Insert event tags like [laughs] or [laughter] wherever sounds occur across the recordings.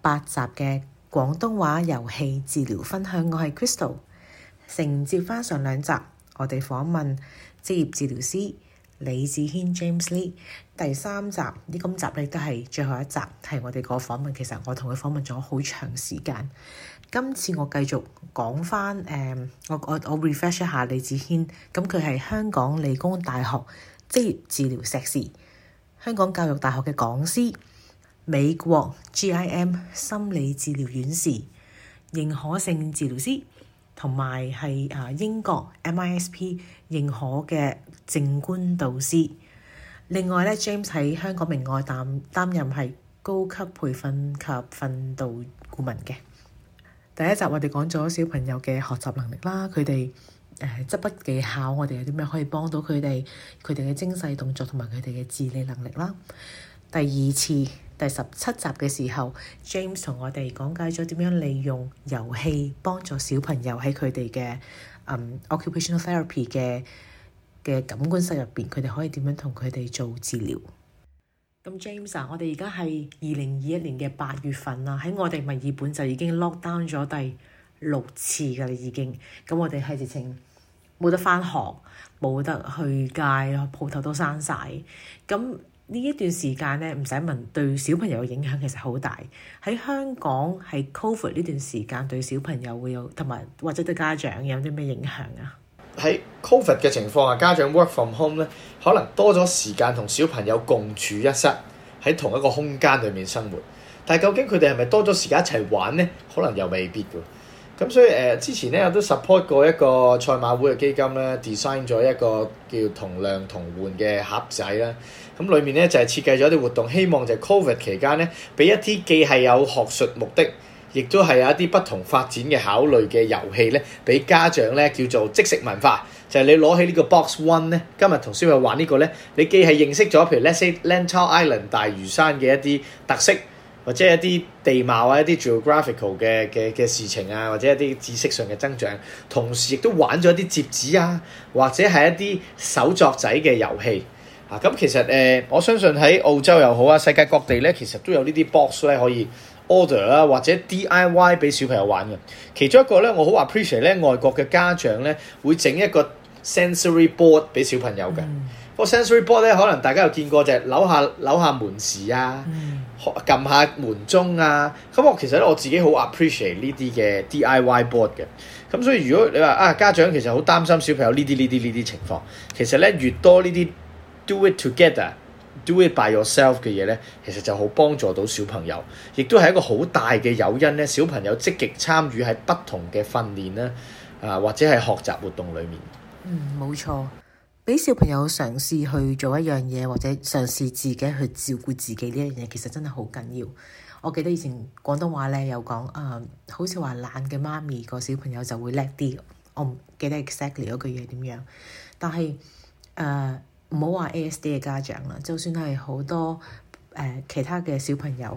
八集嘅廣東話遊戲治療分享，我係 Crystal，承接翻上兩集，我哋訪問職業治療師李子軒 James Lee。第三集呢，今集亦都係最後一集，係我哋個訪問。其實我同佢訪問咗好長時間。今次我繼續講翻，誒、嗯，我我我 refresh 一下李子軒。咁佢係香港理工大學職業治療碩士，香港教育大學嘅講師。美國 GIM 心理治療院士認可性治療師，同埋係啊英國 MiSP 認可嘅靜觀導師。另外呢 James 喺香港明愛擔擔任係高級培訓及訓導顧問嘅。第一集我哋講咗小朋友嘅學習能力啦，佢哋誒執筆技巧，我哋有啲咩可以幫到佢哋，佢哋嘅精細動作同埋佢哋嘅自理能力啦。第二次。第十七集嘅時候，James 同我哋講解咗點樣利用遊戲幫助小朋友喺佢哋嘅、um, occupational therapy 嘅嘅感官室入邊，佢哋可以點樣同佢哋做治療。咁 James 啊，我哋而家係二零二一年嘅八月份啦，喺我哋墨爾本就已經 lock down 咗第六次噶啦，已經。咁我哋係直情冇得翻學，冇得去街咯，鋪頭都閂晒。咁呢一段時間呢，唔使問對小朋友嘅影響其實好大。喺香港係 COVID 呢段時間對小朋友會有，同埋或者對家長有啲咩影響啊？喺 COVID 嘅情況下，家長 work from home 呢，可能多咗時間同小朋友共處一室，喺同一個空間裡面生活。但係究竟佢哋係咪多咗時間一齊玩呢？可能又未必㗎。咁所以誒、呃，之前咧我都 support 過一個賽馬會嘅基金咧，design 咗一個叫同量同換嘅盒仔啦。咁裏面咧就係，是，設計咗啲活動，希望就係 covid 期間咧，俾一啲既係有學術目的，亦都係有一啲不同發展嘅考慮嘅遊戲咧，俾家長咧叫做即食文化。就係，是，你攞起呢個 box one 咧，今日同小朋友玩個呢個咧，你既係認識咗譬如 let's eat Lantau Island 大嶼山嘅一啲特色。或者一啲地貌啊、一啲 geographical 嘅嘅嘅事情啊，或者一啲知識上嘅增長，同時亦都玩咗一啲摺紙啊，或者係一啲手作仔嘅遊戲啊。咁其實誒、呃，我相信喺澳洲又好啊，世界各地咧，其實都有呢啲 box 咧可以 order 啦，或者 DIY 俾小朋友玩嘅。其中一個咧，我好 appreciate 咧，外國嘅家長咧會整一個 sensory board 俾小朋友嘅。不過、嗯、sensory board 咧，可能大家有見過就係扭下扭下門匙啊。嗯撳下門鐘啊！咁我其實咧我自己好 appreciate 呢啲嘅 DIY board 嘅，咁所以如果你話啊家長其實好擔心小朋友呢啲呢啲呢啲情況，其實咧越多呢啲 do it together、do it by yourself 嘅嘢咧，其實就好幫助到小朋友，亦都係一個好大嘅誘因咧。小朋友積極參與喺不同嘅訓練啦，啊或者係學習活動裡面。嗯，冇錯。畀小朋友嘗試去做一樣嘢，或者嘗試自己去照顧自己呢一樣嘢，其實真係好緊要。我記得以前廣東話咧有講，誒、呃、好似話懶嘅媽咪、那個小朋友就會叻啲。我唔記得 exactly 嗰句嘢點樣，但係誒唔好話 ASD 嘅家長啦，就算係好多誒、呃、其他嘅小朋友，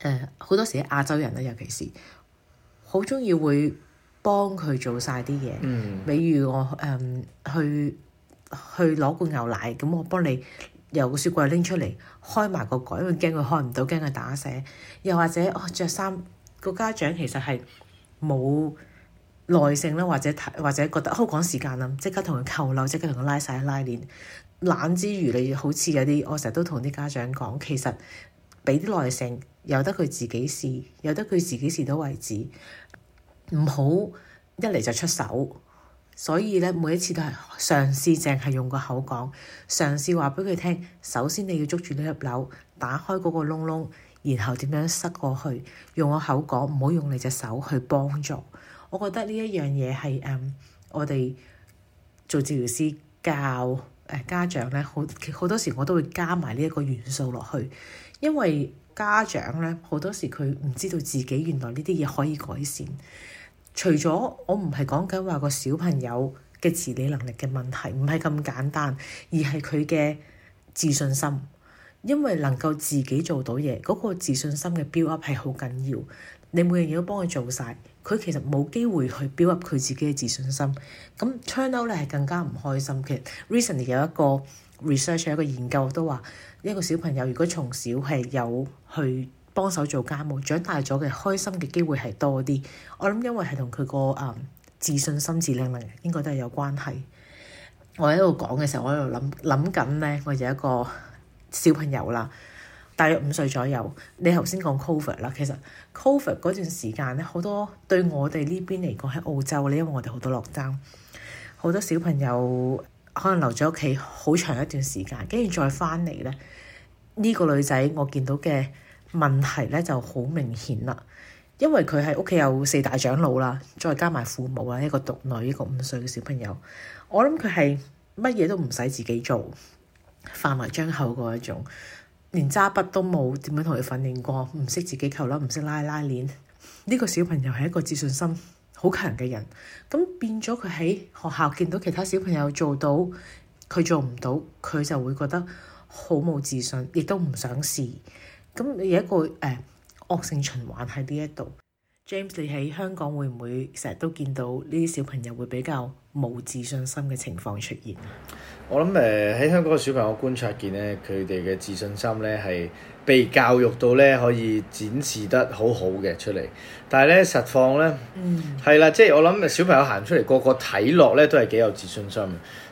誒、呃、好多時亞洲人啦，尤其是好鍾意會幫佢做晒啲嘢。嗯，比如我誒、呃、去。去攞罐牛奶，咁我幫你由個雪櫃拎出嚟，開埋個蓋，因為驚佢開唔到，驚佢打瀉。又或者着衫個家長其實係冇耐性啦，或者或者覺得好趕時間啊，即刻同佢扣鈕，即刻同佢拉曬拉鏈。懶之餘，你好似有啲，我成日都同啲家長講，其實俾啲耐性，由得佢自己試，由得佢自己試到為止，唔好一嚟就出手。所以咧，每一次都係嘗試，淨係用個口講，嘗試話畀佢聽。首先你要捉住呢粒鈕，打開嗰個窿窿，然後點樣塞過去。用個口講，唔好用你隻手去幫助。我覺得呢一樣嘢係誒，uh, 我哋做治療師教誒、uh, 家長咧，好好多時我都會加埋呢一個元素落去，因為家長咧好多時佢唔知道自己原來呢啲嘢可以改善。除咗我唔係講緊話，個小朋友嘅自理能力嘅問題唔係咁簡單，而係佢嘅自信心，因為能夠自己做到嘢，嗰個自信心嘅 build up 係好緊要。你每樣嘢都幫佢做晒，佢其實冇機會去 build up 佢自己嘅自信心。咁 turn out 咧，係更加唔開心嘅。Recently 有一個 research，有一個研究都話，一個小朋友如果從小係有去幫手做家務，長大咗嘅開心嘅機會係多啲。我諗，因為係同佢個誒自信心、自理能力，應該都係有關係。我喺度講嘅時候，我喺度諗諗緊咧。我有一個小朋友啦，大約五歲左右。你頭先講 COVID 啦，其實 COVID 嗰段時間咧，好多對我哋呢邊嚟講喺澳洲咧，因為我哋好多落單，好多小朋友可能留咗屋企好長一段時間，跟住再翻嚟咧。呢、呢個女仔，我見到嘅。問題咧就好明顯啦，因為佢喺屋企有四大長老啦，再加埋父母啦，一個獨女，一個五歲嘅小朋友。我諗佢係乜嘢都唔使自己做，飯埋張口嗰一種，連揸筆都冇點樣同佢訓練過，唔識自己扣攞，唔識拉拉鏈。呢個小朋友係一個自信心好強嘅人，咁變咗佢喺學校見到其他小朋友做到，佢做唔到，佢就會覺得好冇自信，亦都唔想試。咁你有一個誒、呃、惡性循環喺呢一度。James，你喺香港會唔會成日都見到呢啲小朋友會比較冇自信心嘅情況出現啊？我諗誒喺香港嘅小朋友，我觀察見咧，佢哋嘅自信心咧係被教育到咧可以展示得好好嘅出嚟。但係咧實況咧，係啦、嗯，即係、就是、我諗小朋友行出嚟個個睇落咧都係幾有自信心。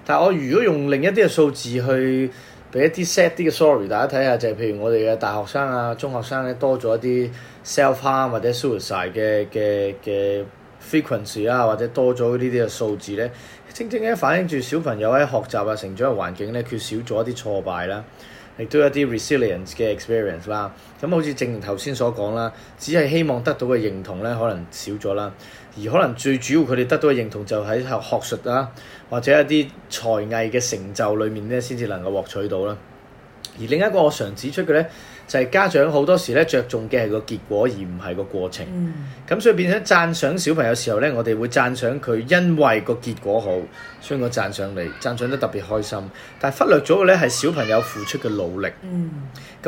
但係我如果用另一啲嘅數字去俾一啲 sad 啲嘅 sorry，大家睇下就係譬如我哋嘅大學生啊、中學生咧多咗一啲 self harm 或者 suicide 嘅嘅嘅 frequency 啊，或者多咗呢啲嘅數字咧，正正咧反映住小朋友喺學習啊、成長嘅環境咧缺少咗一啲挫敗啦，亦都有一啲 resilience 嘅 experience 啦。咁好似正如頭先所講啦，只係希望得到嘅認同咧，可能少咗啦。而可能最主要佢哋得到嘅認同就喺學術啊，或者一啲才藝嘅成就裏面咧，先至能夠獲取到啦。而另一個我想指出嘅咧。就係家長好多時咧着重嘅係個結果，而唔係個過程。咁所以變咗讚賞小朋友時候咧，我哋會讚賞佢，因為個結果好，所以我讚賞你，讚賞得特別開心。但係忽略咗嘅咧係小朋友付出嘅努力。咁，嗯，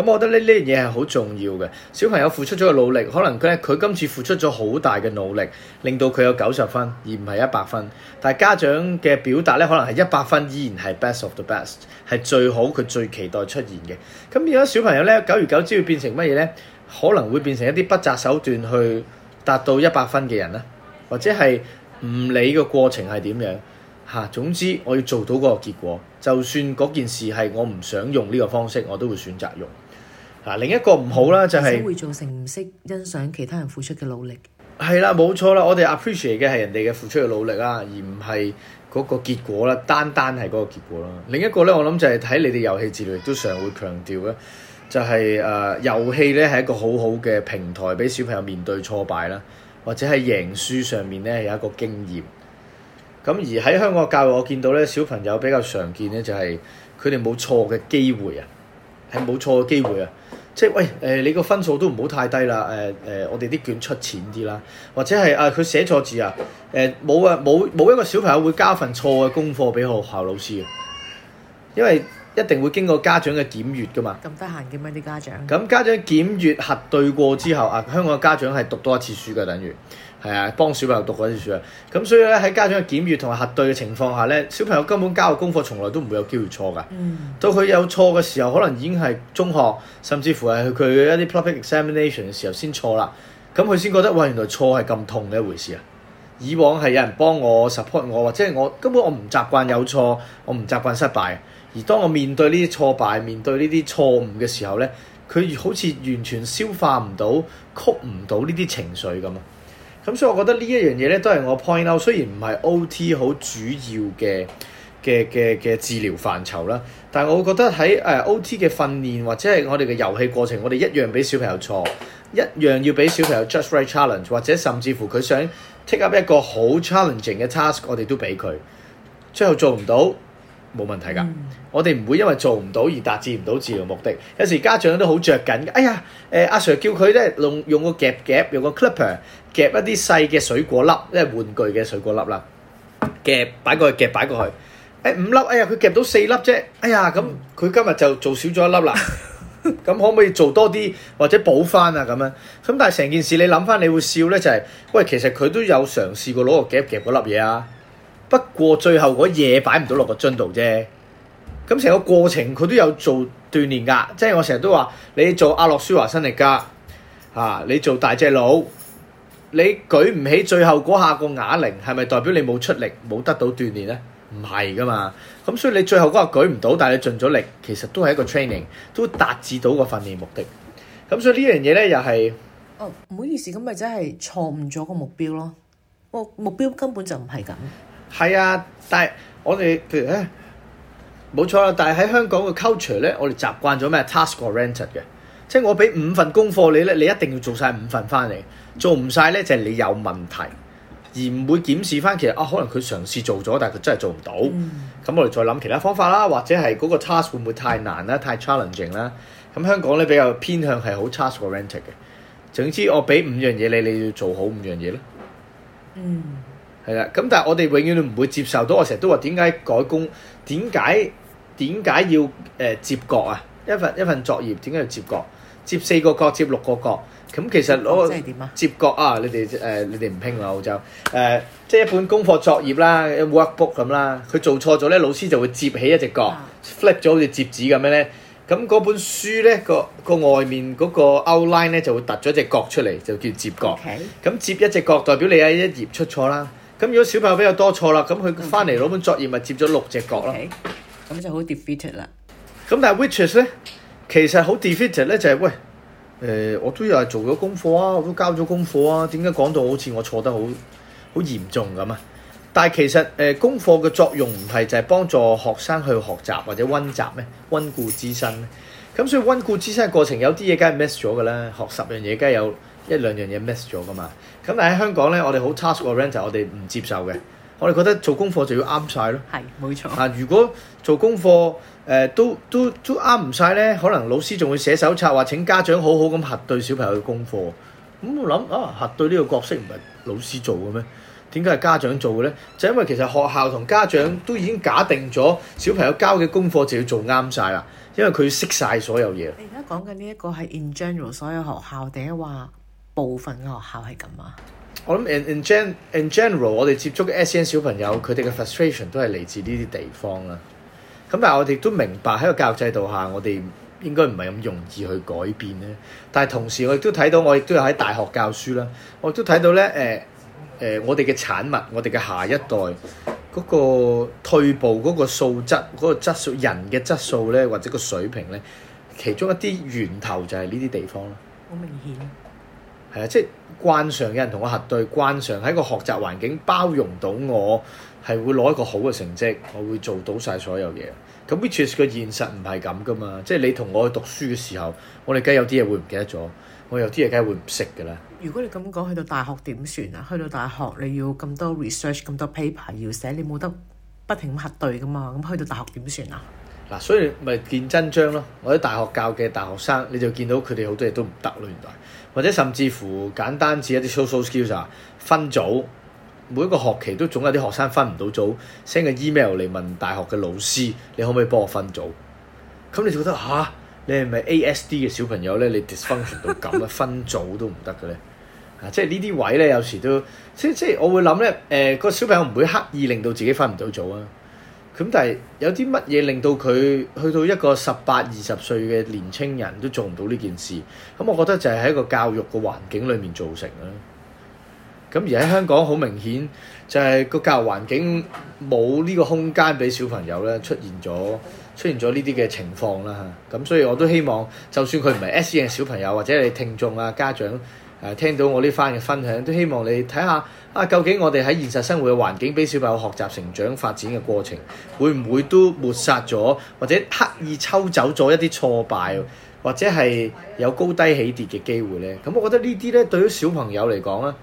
我覺得呢呢樣嘢係好重要嘅。小朋友付出咗嘅努力，可能佢佢今次付出咗好大嘅努力，令到佢有九十分，而唔係一百分。但係家長嘅表達咧，可能係一百分依然係 best of the best，係最好，佢最期待出現嘅。咁而家小朋友咧，九有朝會變成乜嘢呢？可能會變成一啲不擇手段去達到一百分嘅人啦，或者係唔理個過程係點樣吓。總之，我要做到嗰個結果，就算嗰件事係我唔想用呢個方式，我都會選擇用。嗱、啊，另一個唔好啦，就係、是、會造成唔識欣賞其他人付出嘅努力。係啦，冇錯啦，我哋 appreciate 嘅係人哋嘅付出嘅努力啦，而唔係嗰個結果啦，單單係嗰個結果啦。另一個呢，我諗就係睇你哋遊戲治療亦都常會強調嘅。就係、是、誒、呃、遊戲咧，係一個好好嘅平台，俾小朋友面對挫敗啦，或者係贏輸上面咧，有一個經驗。咁而喺香港嘅教育，我見到咧，小朋友比較常見咧，就係佢哋冇錯嘅機會啊，係冇錯嘅機會啊。即係喂誒、呃，你個分數都唔好太低啦誒誒，我哋啲卷出淺啲啦，或者係啊佢寫錯字啊，誒冇啊冇冇一個小朋友會交份錯嘅功課俾學校老師嘅，因為。一定會經過家長嘅檢閲㗎嘛？咁得閒嘅咩啲家長？咁家長檢閲核對過之後，啊，香港嘅家長係讀多一次書㗎，等於係啊，幫小朋友讀一次書啊。咁所以咧，喺家長嘅檢閲同埋核對嘅情況下咧，小朋友根本交嘅功課從來都唔會有機會錯㗎。到佢有錯嘅時候，可能已經係中學，甚至乎係佢嘅一啲 public examination 嘅時候先錯啦。咁佢先覺得，喂，原來錯係咁痛嘅一回事啊。以往係有人幫我 support 我，或者係我根本我唔習慣有錯，我唔習慣失敗。而當我面對呢啲挫敗、面對呢啲錯誤嘅時候呢，佢好似完全消化唔到、屈唔到呢啲情緒咁啊！咁、嗯、所以，我覺得呢一樣嘢呢，都係我 point out。雖然唔係 OT 好主要嘅嘅嘅嘅治療範疇啦，但係我會覺得喺誒、uh, OT 嘅訓練或者係我哋嘅遊戲過程，我哋一樣俾小朋友錯，一樣要俾小朋友 just right challenge，或者甚至乎佢想 take up 一個好 challenging 嘅 task，我哋都俾佢。最後做唔到。冇問題㗎，嗯、我哋唔會因為做唔到而達至唔到治療目的。有時家長都好着緊㗎，哎呀，誒、啊、阿 Sir 叫佢咧用用個夾夾，用個 clipper 夾一啲細嘅水果粒，即係玩具嘅水果粒啦，夾擺過去，夾擺過去，誒、欸、五粒，哎呀佢夾到四粒啫，哎呀咁佢今日就做少咗一粒啦，咁、嗯、 [laughs] 可唔可以做多啲或者補翻啊咁樣？咁但係成件事你諗翻，你會笑咧就係、是，喂，其實佢都有嘗試過攞個夾夾嗰粒嘢啊。不過最後嗰嘢擺唔到落個樽度啫。咁成個過程佢都有做鍛煉㗎，即係我成日都話你做阿諾舒華辛力加吓，你做大隻佬，你舉唔起最後嗰下個啞鈴，係咪代表你冇出力冇得到鍛煉呢？唔係㗎嘛。咁所以你最後嗰下舉唔到，但係你盡咗力，其實都係一個 training，都達至到個訓練目的。咁所以呢樣嘢呢，又係哦，唔好意思，咁咪真係錯誤咗個目標咯。個目標根本就唔係咁。係啊，但係我哋譬如咧，哎、冇錯啦。但係喺香港嘅 culture 咧，我哋習慣咗咩 task-oriented 嘅，即係我俾五份功課你咧，你一定要做晒五份翻嚟，做唔晒咧就係你有問題，而唔會檢視翻其實啊，可能佢嘗試做咗，但係佢真係做唔到。咁、嗯、我哋再諗其他方法啦，或者係嗰個 task 會唔會太難啦、啊、太 challenging 啦、啊？咁、嗯、香港咧比較偏向係好 task-oriented 嘅。總之我俾五樣嘢你，你要做好五樣嘢咧。嗯。係啦，咁但係我哋永遠都唔會接受到。我成日都話點解改工？點解點解要誒折角啊？一份一份作業點解要折角？折四個角，折六個角。咁其實攞個折角啊，你哋誒你哋唔拼啦，澳洲誒即係一本功課作業啦，workbook 咁啦。佢做錯咗咧，老師就會折起一隻角，flip 咗好似折紙咁樣咧。咁嗰本書咧個個外面嗰個 outline 咧就會凸咗一隻角出嚟，就叫折角。咁折一隻角代表你喺一頁出錯啦。咁如果小朋友比較多錯啦，咁佢翻嚟攞本作業咪接咗六隻角咯，咁、okay. 就好 defeated 啦。咁但係 which is 咧，其實好 defeated 咧、就是，就係喂，誒、呃、我都有係做咗功課啊，我都交咗功課啊，點解講到好似我錯得好，好嚴重咁啊？但係其實誒、呃、功課嘅作用唔係就係幫助學生去學習或者溫習咩？溫故知新。咁所以溫故知新嘅過程有啲嘢梗係 miss 咗㗎啦，學十樣嘢梗係有。一兩樣嘢 miss 咗噶嘛？咁但係喺香港咧，我哋好 task-oriented，我哋唔接受嘅。我哋覺得做功課就要啱晒咯。係，冇錯。啊，如果做功課誒、呃、都都都啱唔晒咧，可能老師仲會寫手冊，話請家長好好咁核對小朋友嘅功課。咁、嗯、我諗啊，核對呢個角色唔係老師做嘅咩？點解係家長做嘅咧？就因為其實學校同家長都已經假定咗小朋友交嘅功課就要做啱晒啦，因為佢識晒所有嘢。你而家講緊呢一個係 in general 所有學校定係話？部分嘅學校係咁啊！我諗 in, in gen, in general 我哋接觸嘅 S N 小朋友，佢哋嘅 frustration 都係嚟自呢啲地方啦。咁但係我哋都明白喺個教育制度下，我哋應該唔係咁容易去改變咧。但係同時我亦都睇到，我亦都有喺大學教書啦。我亦都睇到咧，誒、呃、誒、呃，我哋嘅產物，我哋嘅下一代嗰、嗰個退步個，嗰、嗰個素質，嗰個質素，人嘅質素咧，或者個水平咧，其中一啲源頭就係呢啲地方啦。好明顯。係啊，即係慣常有人同我核對，慣常喺個學習環境包容到我係會攞一個好嘅成績，我會做到晒所有嘢。咁 which 嘅現實唔係咁噶嘛，即係你同我去讀書嘅時候，我哋梗係有啲嘢會唔記得咗，我有啲嘢梗係會唔識㗎啦。如果你咁講，去到大學點算啊？去到大學你要咁多 research，咁多 paper 要寫，你冇得不停咁核對㗎嘛？咁去到大學點算啊？嗱，所以咪見真章咯！我喺大學教嘅大學生，你就見到佢哋好多嘢都唔得咯，原來。或者甚至乎簡單至一啲 social skills 啊，分組每一個學期都總有啲學生分唔到組，send 個 email 嚟問大學嘅老師，你可唔可以幫我分組？咁你就覺得吓，你係咪 ASD 嘅小朋友咧？你 dysfunction 到咁咧，分組都唔得嘅咧？啊，即係呢啲位咧，有時都即即係我會諗咧，誒、呃嗰個小朋友唔會刻意令到自己分唔到組啊。咁但係有啲乜嘢令到佢去到一個十八二十歲嘅年青人都做唔到呢件事？咁我覺得就係喺一個教育嘅環境裏面造成啦。咁而喺香港好明顯就係個教育環境冇呢個空間俾小朋友咧，出現咗出現咗呢啲嘅情況啦。咁所以我都希望就算佢唔係 S.E.N. 小朋友或者你聽眾啊，家長。誒、啊、聽到我呢番嘅分享，都希望你睇下啊，究竟我哋喺現實生活嘅環境，俾小朋友學習成長發展嘅過程，會唔會都抹殺咗，或者刻意抽走咗一啲挫敗，或者係有高低起跌嘅機會呢？咁、嗯、我覺得呢啲呢，對於小朋友嚟講呢，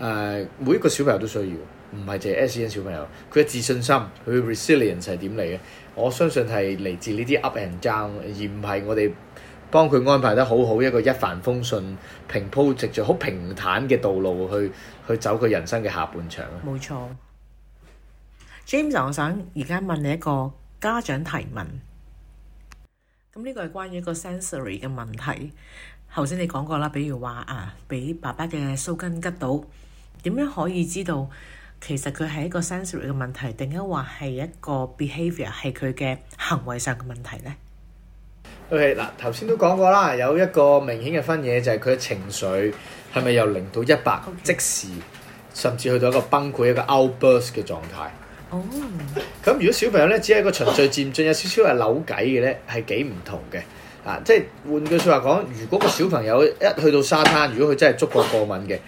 誒，每一個小朋友都需要，唔係淨係 SEN 小朋友，佢嘅自信心，佢嘅 resilience 係點嚟嘅？我相信係嚟自呢啲 up and down，而唔係我哋。幫佢安排得好好，一個一帆風順、平鋪直敍、好平坦嘅道路去去走佢人生嘅下半場。冇錯，James，我想而家問你一個家長提問。咁呢個係關於一個 sensory 嘅問題。頭先你講過啦，比如話啊，俾爸爸嘅鬚根拮到，點樣可以知道其實佢係一個 sensory 嘅問題，定係話係一個 behaviour 係佢嘅行為上嘅問題呢？佢係嗱，頭先、okay，都講過啦，有一個明顯嘅分野就係佢嘅情緒係咪由零到一百，即時甚至去到一個崩潰、一個 outburst 嘅狀態。哦。咁如果小朋友咧，只係個循序漸進，有少少係扭計嘅咧，係幾唔同嘅。啊，即係換句説話講，如果個小朋友一去到沙灘，如果佢真係觸覺過敏嘅，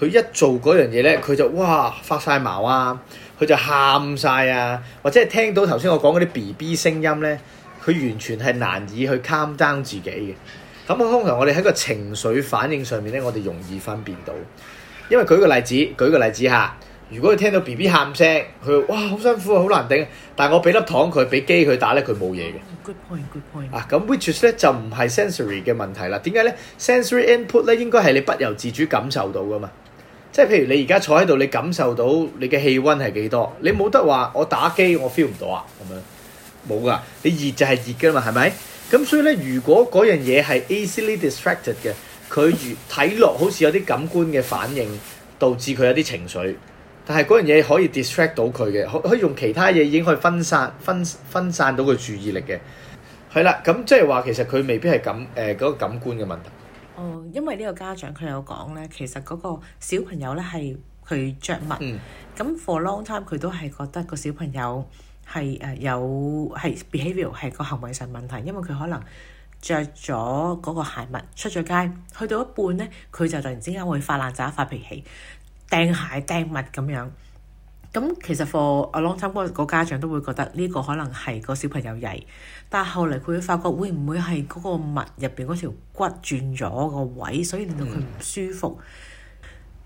佢一做嗰樣嘢咧，佢就哇發晒毛啊，佢就喊晒啊，或者係聽到頭先我講嗰啲 BB 聲音咧。佢完全係難以去 contain 自己嘅，咁通常我哋喺個情緒反應上面咧，我哋容易分辨到。因為舉個例子，舉個例子吓，如果佢聽到 BB 喊聲，佢哇好辛苦啊，好難頂。但係我俾粒糖佢，俾機佢打咧，佢冇嘢嘅。Good point, good point。啊，咁 which is 咧就唔係 sensory 嘅問題啦。點解咧？sensory input 咧應該係你不由自主感受到噶嘛。即係譬如你而家坐喺度，你感受到你嘅氣溫係幾多？你冇得話我打機我 feel 唔到啊咁樣。是冇噶，你熱就係熱噶嘛，係咪？咁所以咧，如果嗰樣嘢係 easily distracted 嘅，佢如睇落好似有啲感官嘅反應，導致佢有啲情緒。但係嗰樣嘢可以 distract 到佢嘅，可可以用其他嘢已經可以分散分分散到佢注意力嘅。係啦，咁即係話其實佢未必係感誒嗰個感官嘅問題。哦，因為呢個家長佢有講咧，其實嗰個小朋友咧係佢著物，咁 for long time 佢都係覺得個小朋友。係誒有係 behaviour 係個行為上問題，因為佢可能着咗嗰個鞋襪出咗街，去到一半咧，佢就突然之間會發爛渣發脾氣，掟鞋掟襪咁樣。咁其實，for a long time，個家長都會覺得呢個可能係個小朋友曳，但係後嚟佢會發覺會唔會係嗰個襪入邊嗰條骨轉咗個位，所以令到佢唔舒服？ [noise]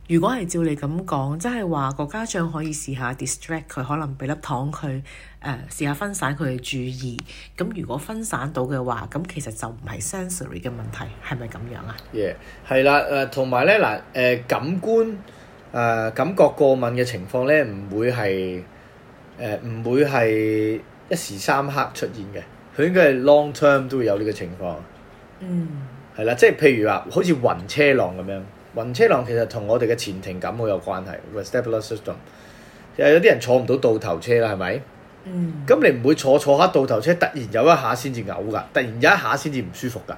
如果係照你咁講，即係話個家長可以試下 distract 佢，可能俾粒糖佢，誒、呃、試下分散佢嘅注意。咁如果分散到嘅話，咁其實就唔係 sensory 嘅問題，係咪咁樣啊？耶、yeah.，係、呃、啦，誒同埋咧嗱，誒、呃、感官誒、呃、感覺過敏嘅情況咧，唔會係誒唔會係一時三刻出現嘅，佢應該係 long term 都會有呢個情況。嗯，係啦，即係譬如話，好似暈車浪咁樣。暈車浪其實同我哋嘅前庭感好有關係 vestibular system。有啲人坐唔到倒頭車啦，係咪？嗯。咁 [noise] 你唔會坐坐下倒頭車突然有一下先至嘔㗎，突然有一下先至唔舒服㗎。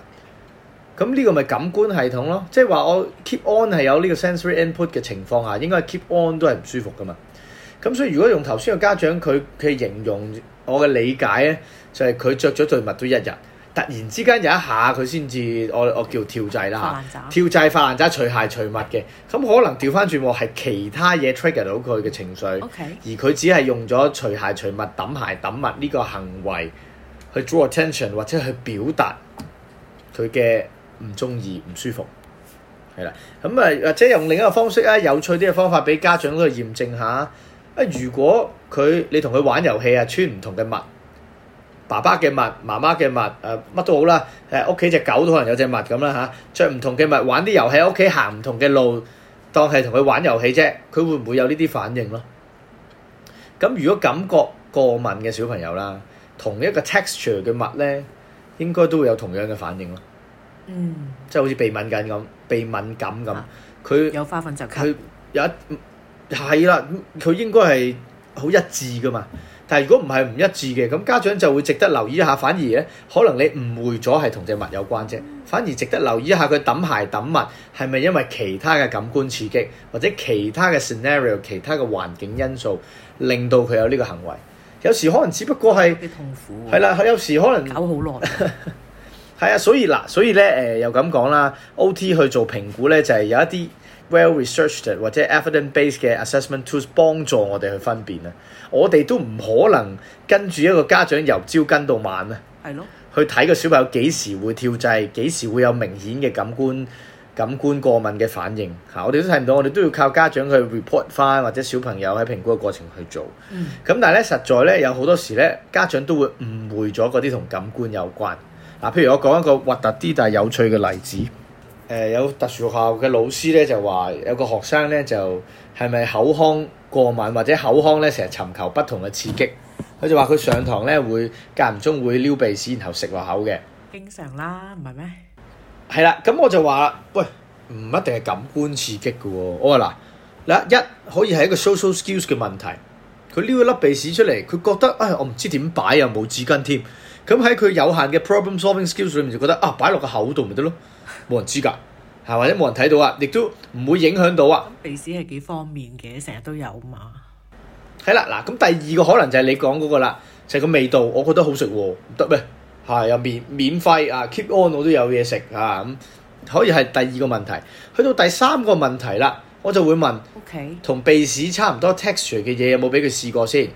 咁呢個咪感官系統咯，即係話我 keep on 係有呢個 sensory input 嘅情況下，應該 keep on 都係唔舒服㗎嘛。咁所以如果用頭先個家長佢佢形容我嘅理解咧，就係佢着咗對襪都一日。突然之間，有一下佢先至，我我叫跳掣啦，瀉跳掣、發爛渣、除鞋除襪嘅，咁可能調翻轉喎，係其他嘢 trigger 到佢嘅情緒，Okay. 而佢只係用咗除鞋除襪抌鞋抌襪呢個行為去 draw attention 或者去表達佢嘅唔中意、唔舒服，係啦，咁啊，或者用另一個方式啊，有趣啲嘅方法俾家長去驗證下，啊，如果佢你同佢玩遊戲啊，穿唔同嘅襪。爸爸嘅襪、媽媽嘅襪，誒、啊、乜都好啦。誒屋企隻狗都可能有隻襪咁啦嚇，著、啊、唔同嘅襪，玩啲遊戲，屋企行唔同嘅路，當係同佢玩遊戲啫。佢會唔會有呢啲反應咯？咁如果感覺過敏嘅小朋友啦，同一個 texture 嘅襪咧，應該都會有同樣嘅反應咯。嗯，即係好似鼻敏感咁，鼻敏感咁，佢有花粉就佢有一係啦，佢應該係好一致㗎嘛。但係如果唔係唔一致嘅，咁家長就會值得留意一下。反而咧，可能你誤會咗係同隻物有關啫。反而值得留意一下佢揼鞋揼物係咪因為其他嘅感官刺激，或者其他嘅 scenario、其他嘅環境因素令到佢有呢個行為。有時可能只不過係啲痛苦，係啦，佢有時可能搞好耐。係啊，所以嗱，所以咧誒又咁講啦，OT 去做評估咧就係有一啲。Well-researched 或者 evidence-based 嘅 assessment tools 幫助我哋去分辨啊，我哋都唔可能跟住一個家長由朝跟到晚啊，係咯的，去睇個小朋友幾時會跳掣，幾時會有明顯嘅感官感官過敏嘅反應，吓、啊，我哋都睇唔到，我哋都要靠家長去 report 翻或者小朋友喺評估嘅過程去做，咁、嗯、但係咧實在咧有好多時咧家長都會誤會咗嗰啲同感官有關，嗱、啊，譬如我講一個核突啲但係有趣嘅例子。誒、呃、有特殊學校嘅老師咧，就話有個學生咧，就係、是、咪口腔過敏或者口腔咧成日尋求不同嘅刺激？佢就話佢上堂咧會間唔中會撩鼻屎，然後食落口嘅。經常啦，唔係咩？係啦，咁我就話喂，唔一定係感官刺激嘅喎、哦。我話嗱嗱一可以係一個 social skills 嘅問題。佢撩一粒鼻屎出嚟，佢覺得唉、哎，我唔知點擺又冇紙巾添。咁喺佢有限嘅 problem solving skills 裏面，就覺得啊，擺落個口度咪得咯。冇人知㗎，係或者冇人睇到啊，亦都唔會影響到啊。鼻屎係幾方便嘅，成日都有嘛。係啦，嗱，咁第二個可能就係你講嗰個啦，就係、是、個味道，我覺得好食喎，唔得咩？係、啊、又免免費啊，keep on 我都有嘢食啊，咁、嗯、可以係第二個問題。去到第三個問題啦，我就會問，Okay，同鼻屎差唔多 texture 嘅嘢有冇俾佢試過先？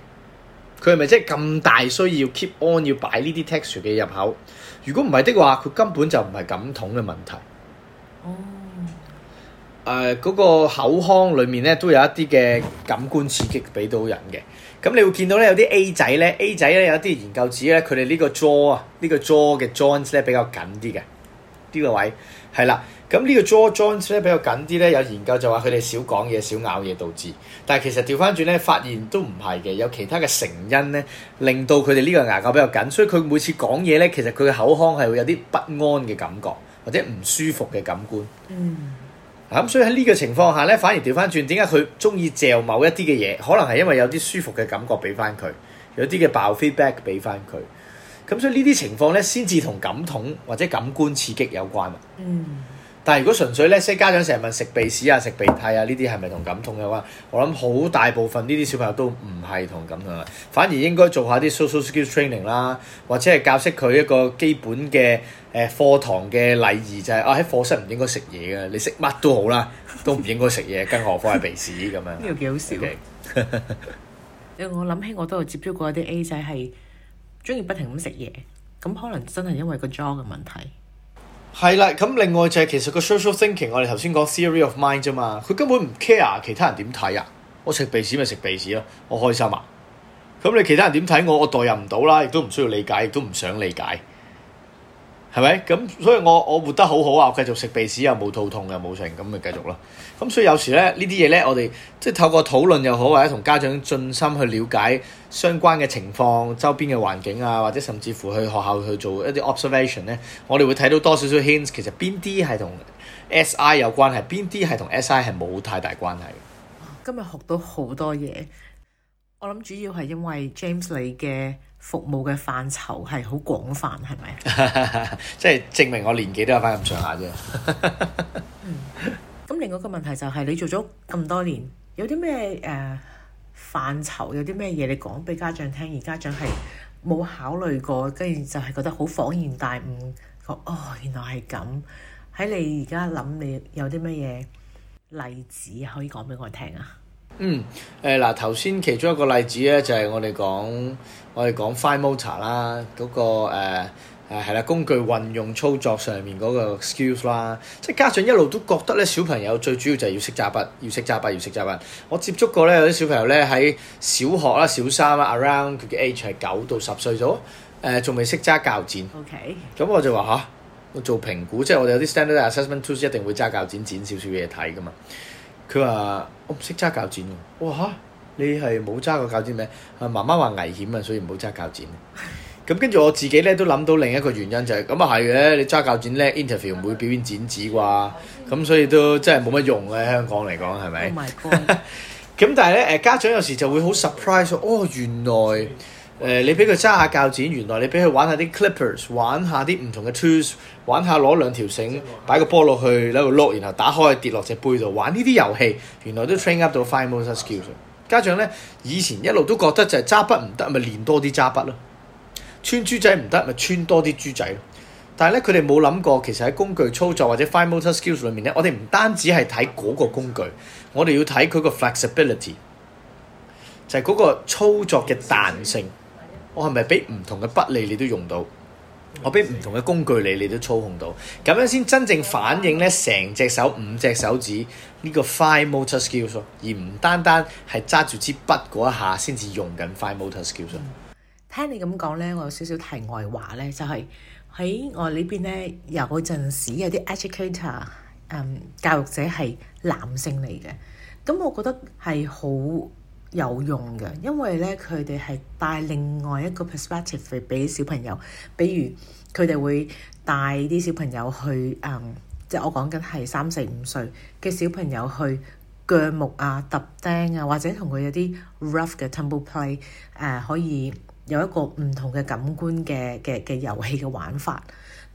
佢係咪真係咁大需要 keep on 要擺呢啲 texture 嘅入口？如果唔係的話，佢根本就唔係感統嘅問題。哦、oh. 呃。誒，嗰個口腔裡面咧都有一啲嘅感官刺激俾到人嘅。咁你會見到咧有啲 A 仔咧，A 仔咧有啲研究指咧，佢哋呢個 jaw 啊，呢個 jaw 嘅 joints 咧比較緊啲嘅。呢、呢個位係啦。咁呢個 jaw joints 咧比較緊啲咧，有研究就話佢哋少講嘢、少咬嘢導致。但係其實調翻轉咧，發現都唔係嘅，有其他嘅成因咧，令到佢哋呢個牙骹比較緊，所以佢每次講嘢咧，其實佢嘅口腔係會有啲不安嘅感覺，或者唔舒服嘅感官。嗯。咁，所以喺呢個情況下咧，反而調翻轉，點解佢中意嚼某一啲嘅嘢？可能係因為有啲舒服嘅感覺俾翻佢，有啲嘅爆 feedback 俾翻佢。咁所以呢啲情況咧，先至同感統或者感官刺激有關啊。嗯。但係如果純粹咧，啲家長成日問食鼻屎啊、食鼻涕啊，呢啲係咪同感統嘅話？我諗好大部分呢啲小朋友都唔係同感統啦，反而應該做下啲 social skills training 啦，或者係教識佢一個基本嘅誒課堂嘅禮儀、就是，就係啊喺課室唔應該食嘢嘅，你食乜都好啦，都唔應該食嘢， [laughs] 更何況係鼻屎咁樣。又幾 [laughs] 好笑！Okay. [laughs] 因誒，我諗起我都有接觸過一啲 A 仔係中意不停咁食嘢，咁可能真係因為個 jaw 嘅問題。係啦，咁另外就係其實個 social thinking，我哋頭先講 theory of mind 啫嘛，佢根本唔 care 其他人點睇啊！我食鼻屎咪食鼻屎咯，我開心啊！咁你其他人點睇我，我代入唔到啦，亦都唔需要理解，亦都唔想理解。係咪？咁所以我我活得好好啊，繼續食鼻屎又冇肚痛又冇成，咁咪繼續咯。咁所以有時咧呢啲嘢咧，我哋即係透過討論又好，或者同家長盡心去了解相關嘅情況、周邊嘅環境啊，或者甚至乎去學校去做一啲 observation 咧，我哋會睇到多少少 hints，其實邊啲係同 SI 有關係，邊啲係同 SI 係冇太大關係。今日學到好多嘢，我諗主要係因為 James 你嘅。服務嘅範疇係好廣泛，係咪？ [laughs] 即係證明我年紀都有翻咁上下啫。咁另外一個問題就係你做咗咁多年，有啲咩誒範疇，有啲咩嘢你講俾家長聽，而家長係冇考慮過，跟住就係覺得好恍然大悟，哦原來係咁。喺你而家諗，你有啲乜嘢例子可以講俾我聽啊？嗯誒嗱，頭、呃、先其中一個例子咧，就係我哋講。我哋講 fine motor 啦，嗰個誒誒啦，工具運用操作上面嗰個 skills 啦，即係家長一路都覺得咧，小朋友最主要就係要識揸筆，要識揸筆，要識揸筆，筆。我接觸過咧，有啲小朋友咧喺小學啦、小三啦，around 佢嘅 age 係九到十歲咗，誒仲未識揸鉸剪。OK。咁我就話嚇、啊，我做評估，即係我哋有啲 standard assessment tools 一定會揸鉸剪剪少少嘢睇㗎嘛。佢話我唔識揸鉸剪喎。你係冇揸過鉸剪咩？啊媽媽話危險啊，所以唔好揸鉸剪。咁跟住我自己咧都諗到另一個原因就係、是、咁啊係嘅，你揸鉸剪叻 interview 唔會表演剪紙啩，咁 [laughs] 所以都真係冇乜用嘅、啊、喺香港嚟講係咪？咁、oh、my [laughs] 但係咧誒家長有時就會好 surprise 哦，原來誒、呃、你俾佢揸下鉸剪原來你俾佢玩一下啲 clippers，玩一下啲唔同嘅 tools，玩下攞兩條繩擺個波落去喺度碌，然後打開跌落隻杯度玩呢啲遊戲，原來都 train up 到 fine motor skills。家長咧以前一路都覺得就係揸筆唔得，咪練多啲揸筆咯；穿珠仔唔得，咪穿多啲珠仔。但係咧，佢哋冇諗過，其實喺工具操作或者 fine motor skills 裏面咧，我哋唔單止係睇嗰個工具，我哋要睇佢個 flexibility，就係嗰個操作嘅彈性。我係咪俾唔同嘅筆你，你都用到？我俾唔同嘅工具你，你都操控到？咁樣先真正反映咧，成隻手五隻手指。呢個 fine motor skills 而唔單單係揸住支筆嗰一下先至用緊 fine motor skills 咯、嗯。聽你咁講咧，我有少少題外話咧，就係、是、喺我呢邊咧，有陣時有啲 educator，、嗯、教育者係男性嚟嘅，咁我覺得係好有用嘅，因為咧佢哋係帶另外一個 perspective 嚟俾小朋友，比如佢哋會帶啲小朋友去嗯。即我講緊係三四五歲嘅小朋友去鋸木啊、揼釘啊，或者同佢有啲 rough 嘅 tumble play，誒、呃、可以有一個唔同嘅感官嘅嘅嘅遊戲嘅玩法，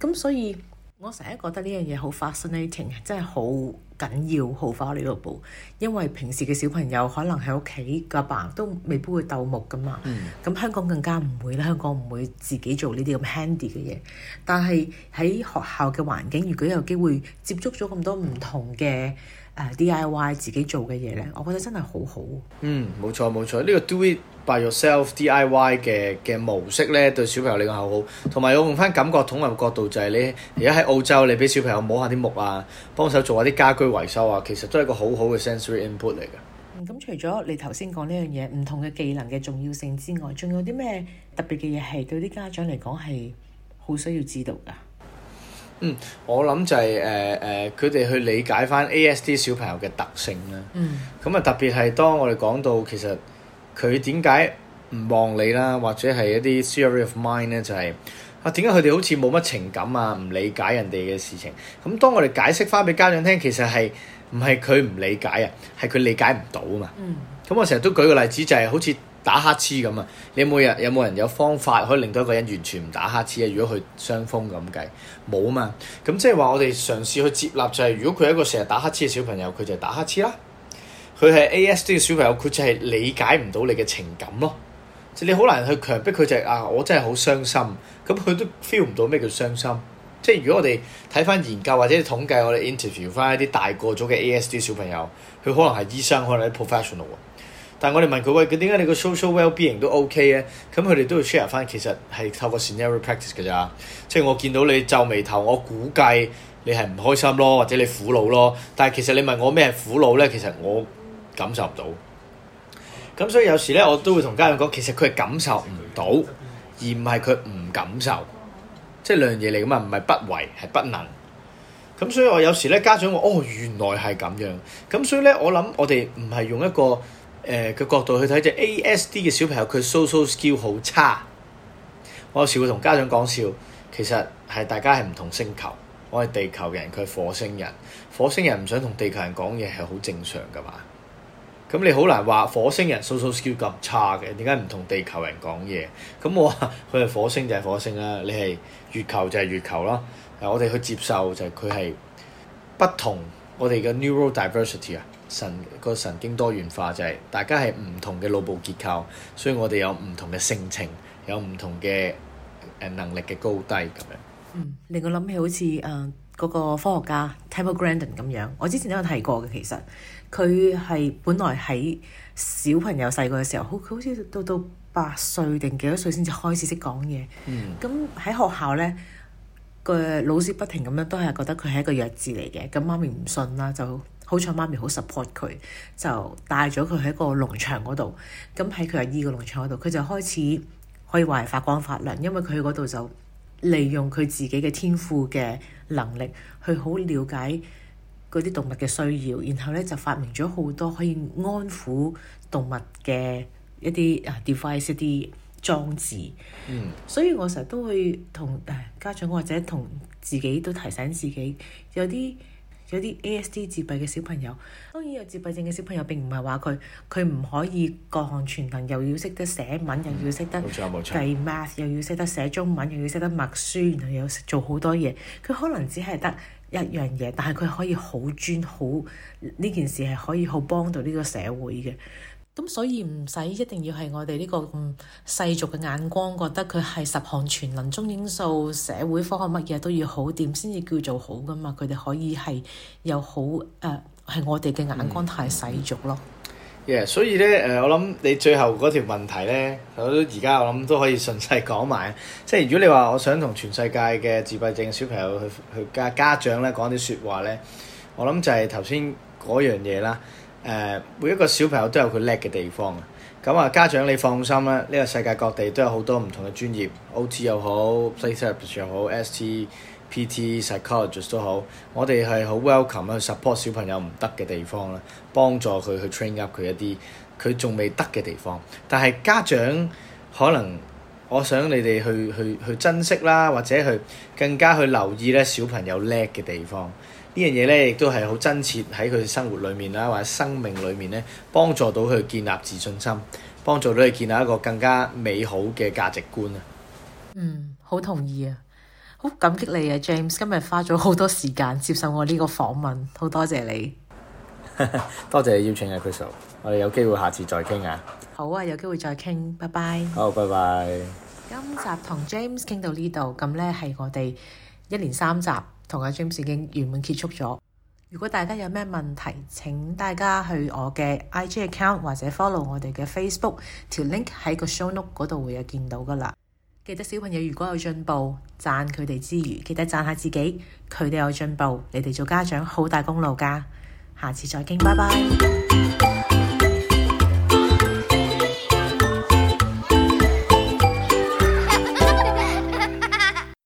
咁所以。我成日覺得呢樣嘢好 fascinating，真係好緊要，好 valuable，因為平時嘅小朋友可能喺屋企嘅爸都未必會鬥木噶嘛。咁、嗯、香港更加唔會啦，香港唔會自己做呢啲咁 handy 嘅嘢。但係喺學校嘅環境，如果有機會接觸咗咁多唔同嘅、嗯。DIY 自己做嘅嘢呢，我覺得真係好好。嗯，冇錯冇錯，呢個 do it by yourself DIY 嘅嘅模式呢，對小朋友嚟講好好。同埋我用翻感覺統合角度就係你而家喺澳洲，你俾小朋友摸下啲木啊，幫手做下啲家居維修啊，其實都係一個好好嘅 sensory input 嚟㗎。咁、嗯嗯、除咗你頭先講呢樣嘢，唔同嘅技能嘅重要性之外，仲有啲咩特別嘅嘢係對啲家長嚟講係好需要知道㗎？嗯，我諗就係誒誒，佢、呃、哋、呃、去理解翻 A S D 小朋友嘅特性啦。嗯。咁啊，特別係當我哋講到其實佢點解唔望你啦，或者係一啲 theory of mind 咧，就係、是、啊點解佢哋好似冇乜情感啊，唔理解人哋嘅事情。咁、啊、當我哋解釋翻俾家長聽，其實係唔係佢唔理解啊？係佢理解唔到啊嘛。嗯。咁我成日都舉個例子，就係、是、好似。打乞嗤咁啊！你每日有冇人有方法可以令到一個人完全唔打乞嗤啊？如果佢傷風咁計，冇啊嘛。咁即係話我哋嘗試去接納、就是就就，就係如果佢係一個成日打乞嗤嘅小朋友，佢就係打乞嗤啦。佢係 A S D 嘅小朋友，佢就係理解唔到你嘅情感咯。即係你好難去強迫佢就係、是、啊，我真係好傷心。咁佢都 feel 唔到咩叫傷心。即、就、係、是、如果我哋睇翻研究或者統計，我哋 interview 翻一啲大個咗嘅 A S D 小朋友，佢可能係醫生，可能係 professional 但係我哋問佢喂，佢點解你個 social well-being 都 OK 咧？咁佢哋都要 share 翻，其實係透過 scenario practice 㗎咋。即係我見到你皺眉頭，我估計你係唔開心咯，或者你苦惱咯。但係其實你問我咩係苦惱咧？其實我感受唔到。咁所以有時咧，我都會同家長講，其實佢係感受唔到，而唔係佢唔感受，即係兩樣嘢嚟㗎嘛。唔係不為，係不能。咁所以我有時咧，家長話：「哦，原來係咁樣。咁所以咧，我諗我哋唔係用一個誒嘅角度去睇隻 ASD 嘅小朋友，佢 social skill 好差。我有時會同家長講笑，其實係大家係唔同星球。我係地球人，佢係火星人，火星人唔想同地球人講嘢係好正常㗎嘛。咁你好難話火星人 social skill 咁差嘅，點解唔同地球人講嘢？咁我話佢係火星就係火星啦，你係月球就係月球囉。我哋去接受就係佢係不同我哋嘅 neural diversity 啊。神、嗰個神經多元化就係、係、大家係唔同嘅腦部結構，所以我哋有唔同嘅性情，有唔同嘅誒能力嘅高低咁樣。嗯，令我諗起好似誒嗰個科學家 Temple Grandin 咁樣，我之前都有提過嘅。其實佢係本來喺小朋友細個嘅時候，好佢好似到到八歲定幾多歲先至開始識講嘢。咁喺、嗯、學校咧，個老師不停咁樣都係覺得佢係一個弱智嚟嘅。咁媽咪唔信啦，就～好彩媽咪好 support 佢，就帶咗佢喺一個農場嗰度。咁喺佢阿姨個農場嗰度，佢就開始可以話係發光發亮，因為佢喺嗰度就利用佢自己嘅天賦嘅能力，去好了解嗰啲動物嘅需要，然後呢，就發明咗好多可以安撫動物嘅一啲啊 device 一啲裝置。嗯，所以我成日都會同誒家長或者同自己都提醒自己，有啲。有啲 ASD 自閉嘅小朋友，當然有自閉症嘅小朋友並唔係話佢佢唔可以各項全能，又要識得寫文，又要識得計 math，又要識得寫中文，又要識得默書，然後又要做好多嘢。佢可能只係得一樣嘢，但係佢可以好專好，呢件事係可以好幫到呢個社會嘅。咁、嗯、所以唔使一定要係我哋呢、呢個、嗯、世俗嘅眼光，覺得佢係十項全能、中英數、社會科學乜嘢都要好點先至叫做好噶嘛？佢哋可以係有好誒，係、呃、我哋嘅眼光太世俗咯。嗯嗯嗯、y、yeah, 所以呢，誒，我諗你最後嗰條問題咧，而家我諗都可以順勢講埋。即係如果你話我想同全世界嘅自閉症小朋友去去家家長咧講啲説話呢，我諗就係頭先嗰樣嘢啦。誒、uh, 每一個小朋友都有佢叻嘅地方啊！咁、嗯、啊，家長你放心啦，呢、這個世界各地都有好多唔同嘅專業 [music] ，O.T. 又好 Play Therapist 又好，S.T.P.T. psychologist 都好，我哋係好 welcome 去 support 小朋友唔得嘅地方啦，幫助佢去 train up 佢一啲佢仲未得嘅地方，但係家長可能。我想你哋去去去珍惜啦，或者去更加去留意咧小朋友叻嘅地方。呢樣嘢咧，亦都係好真切喺佢生活裏面啦，或者生命裏面咧，幫助到佢建立自信心，幫助到佢建立一個更加美好嘅價值觀啊！嗯，好同意啊，好感激你啊，James，今日花咗好多時間接受我呢個訪問，好多謝你。 [laughs] 多謝你邀請啊，Christal。我哋有機會下次再傾啊。好啊，有機會再傾，拜拜。好，oh, 拜拜。今集同 James 傾到呢度，咁呢係我哋一連三集同阿 James 已經圓滿結束咗。如果大家有咩問題，請大家去我嘅 IG account 或者 follow 我哋嘅 Facebook，條 link 喺個 show note 嗰度會有見到噶啦。記得小朋友如果有進步，讚佢哋之餘，記得讚下自己。佢哋有進步，你哋做家長好大功勞噶。下次再見，拜拜。